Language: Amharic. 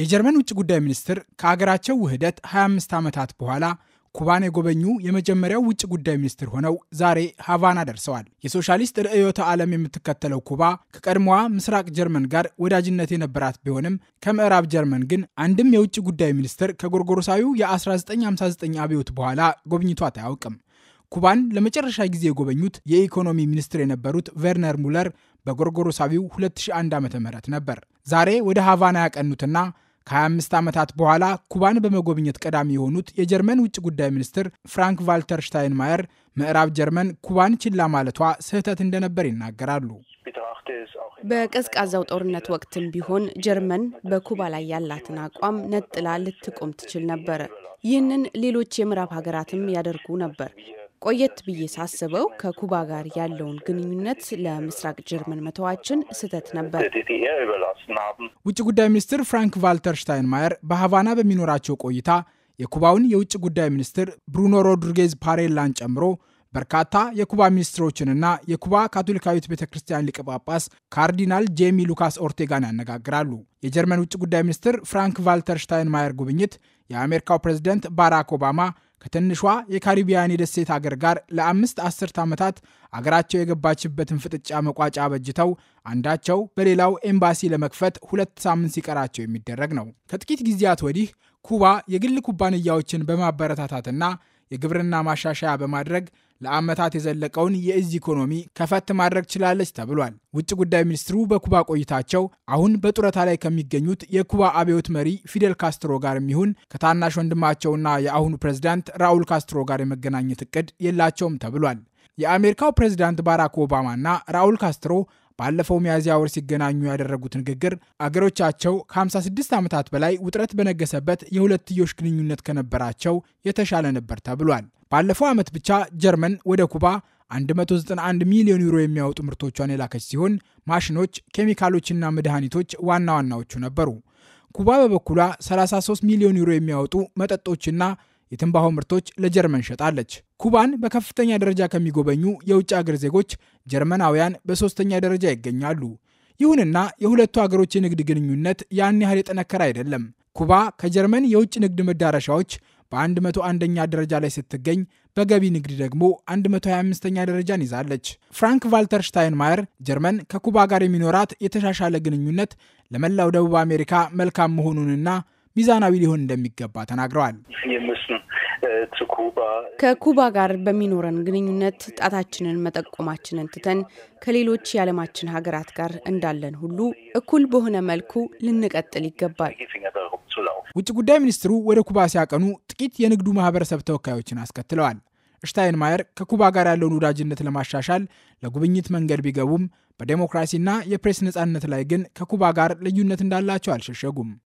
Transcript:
የጀርመን ውጭ ጉዳይ ሚኒስትር ከአገራቸው ውህደት 25 ዓመታት በኋላ ኩባን የጎበኙ የመጀመሪያው ውጭ ጉዳይ ሚኒስትር ሆነው ዛሬ ሃቫና ደርሰዋል። የሶሻሊስት ርዕዮተ ዓለም የምትከተለው ኩባ ከቀድሞዋ ምስራቅ ጀርመን ጋር ወዳጅነት የነበራት ቢሆንም ከምዕራብ ጀርመን ግን አንድም የውጭ ጉዳይ ሚኒስትር ከጎርጎሮሳዊው የ1959 አብዮት በኋላ ጎብኝቷት አያውቅም። ኩባን ለመጨረሻ ጊዜ የጎበኙት የኢኮኖሚ ሚኒስትር የነበሩት ቨርነር ሙለር በጎርጎሮሳዊው 2001 ዓ ም ነበር። ዛሬ ወደ ሃቫና ያቀኑትና ከ25 ዓመታት በኋላ ኩባን በመጎብኘት ቀዳሚ የሆኑት የጀርመን ውጭ ጉዳይ ሚኒስትር ፍራንክ ቫልተር ሽታይንማየር ምዕራብ ጀርመን ኩባን ችላ ማለቷ ስህተት እንደነበር ይናገራሉ። በቀዝቃዛው ጦርነት ወቅትም ቢሆን ጀርመን በኩባ ላይ ያላትን አቋም ነጥላ ልትቆም ትችል ነበር። ይህንን ሌሎች የምዕራብ ሀገራትም ያደርጉ ነበር። ቆየት ብዬ ሳስበው ከኩባ ጋር ያለውን ግንኙነት ለምስራቅ ጀርመን መተዋችን ስህተት ነበር። ውጭ ጉዳይ ሚኒስትር ፍራንክ ቫልተር ሽታይንማየር በሀቫና በሚኖራቸው ቆይታ የኩባውን የውጭ ጉዳይ ሚኒስትር ብሩኖ ሮድሪጌዝ ፓሬላን ጨምሮ በርካታ የኩባ ሚኒስትሮችንና የኩባ ካቶሊካዊት ቤተ ክርስቲያን ሊቀ ጳጳስ ካርዲናል ጄሚ ሉካስ ኦርቴጋን ያነጋግራሉ። የጀርመን ውጭ ጉዳይ ሚኒስትር ፍራንክ ቫልተር ሽታይንማየር ጉብኝት የአሜሪካው ፕሬዝደንት ባራክ ኦባማ ከትንሿ የካሪቢያን የደሴት አገር ጋር ለአምስት አስርት ዓመታት አገራቸው የገባችበትን ፍጥጫ መቋጫ በጅተው አንዳቸው በሌላው ኤምባሲ ለመክፈት ሁለት ሳምንት ሲቀራቸው የሚደረግ ነው። ከጥቂት ጊዜያት ወዲህ ኩባ የግል ኩባንያዎችን በማበረታታትና የግብርና ማሻሻያ በማድረግ ለዓመታት የዘለቀውን የእዝ ኢኮኖሚ ከፈት ማድረግ ችላለች ተብሏል። ውጭ ጉዳይ ሚኒስትሩ በኩባ ቆይታቸው አሁን በጡረታ ላይ ከሚገኙት የኩባ አብዮት መሪ ፊደል ካስትሮ ጋር የሚሆን ከታናሽ ወንድማቸውና የአሁኑ ፕሬዝዳንት ራኡል ካስትሮ ጋር የመገናኘት እቅድ የላቸውም ተብሏል። የአሜሪካው ፕሬዝዳንት ባራክ ኦባማና ራኡል ካስትሮ ባለፈው ሚያዝያ ወር ሲገናኙ ያደረጉት ንግግር አገሮቻቸው ከ56 ዓመታት በላይ ውጥረት በነገሰበት የሁለትዮሽ ግንኙነት ከነበራቸው የተሻለ ነበር ተብሏል። ባለፈው ዓመት ብቻ ጀርመን ወደ ኩባ 191 ሚሊዮን ዩሮ የሚያወጡ ምርቶቿን የላከች ሲሆን ማሽኖች፣ ኬሚካሎችና መድኃኒቶች ዋና ዋናዎቹ ነበሩ። ኩባ በበኩሏ 33 ሚሊዮን ዩሮ የሚያወጡ መጠጦችና የትንባሆ ምርቶች ለጀርመን ሸጣለች። ኩባን በከፍተኛ ደረጃ ከሚጎበኙ የውጭ አገር ዜጎች ጀርመናውያን በሦስተኛ ደረጃ ይገኛሉ። ይሁንና የሁለቱ አገሮች የንግድ ግንኙነት ያን ያህል የጠነከረ አይደለም። ኩባ ከጀርመን የውጭ ንግድ መዳረሻዎች በ101ኛ ደረጃ ላይ ስትገኝ በገቢ ንግድ ደግሞ 125ኛ ደረጃን ይዛለች። ፍራንክ ቫልተር ሽታይንማየር ጀርመን ከኩባ ጋር የሚኖራት የተሻሻለ ግንኙነት ለመላው ደቡብ አሜሪካ መልካም መሆኑንና ሚዛናዊ ሊሆን እንደሚገባ ተናግረዋል። ከኩባ ጋር በሚኖረን ግንኙነት ጣታችንን መጠቆማችንን ትተን ከሌሎች የዓለማችን ሀገራት ጋር እንዳለን ሁሉ እኩል በሆነ መልኩ ልንቀጥል ይገባል። ውጭ ጉዳይ ሚኒስትሩ ወደ ኩባ ሲያቀኑ ጥቂት የንግዱ ማህበረሰብ ተወካዮችን አስከትለዋል። ማየር ከኩባ ጋር ያለውን ወዳጅነት ለማሻሻል ለጉብኝት መንገድ ቢገቡም በዴሞክራሲና የፕሬስ ነጻነት ላይ ግን ከኩባ ጋር ልዩነት እንዳላቸው አልሸሸጉም።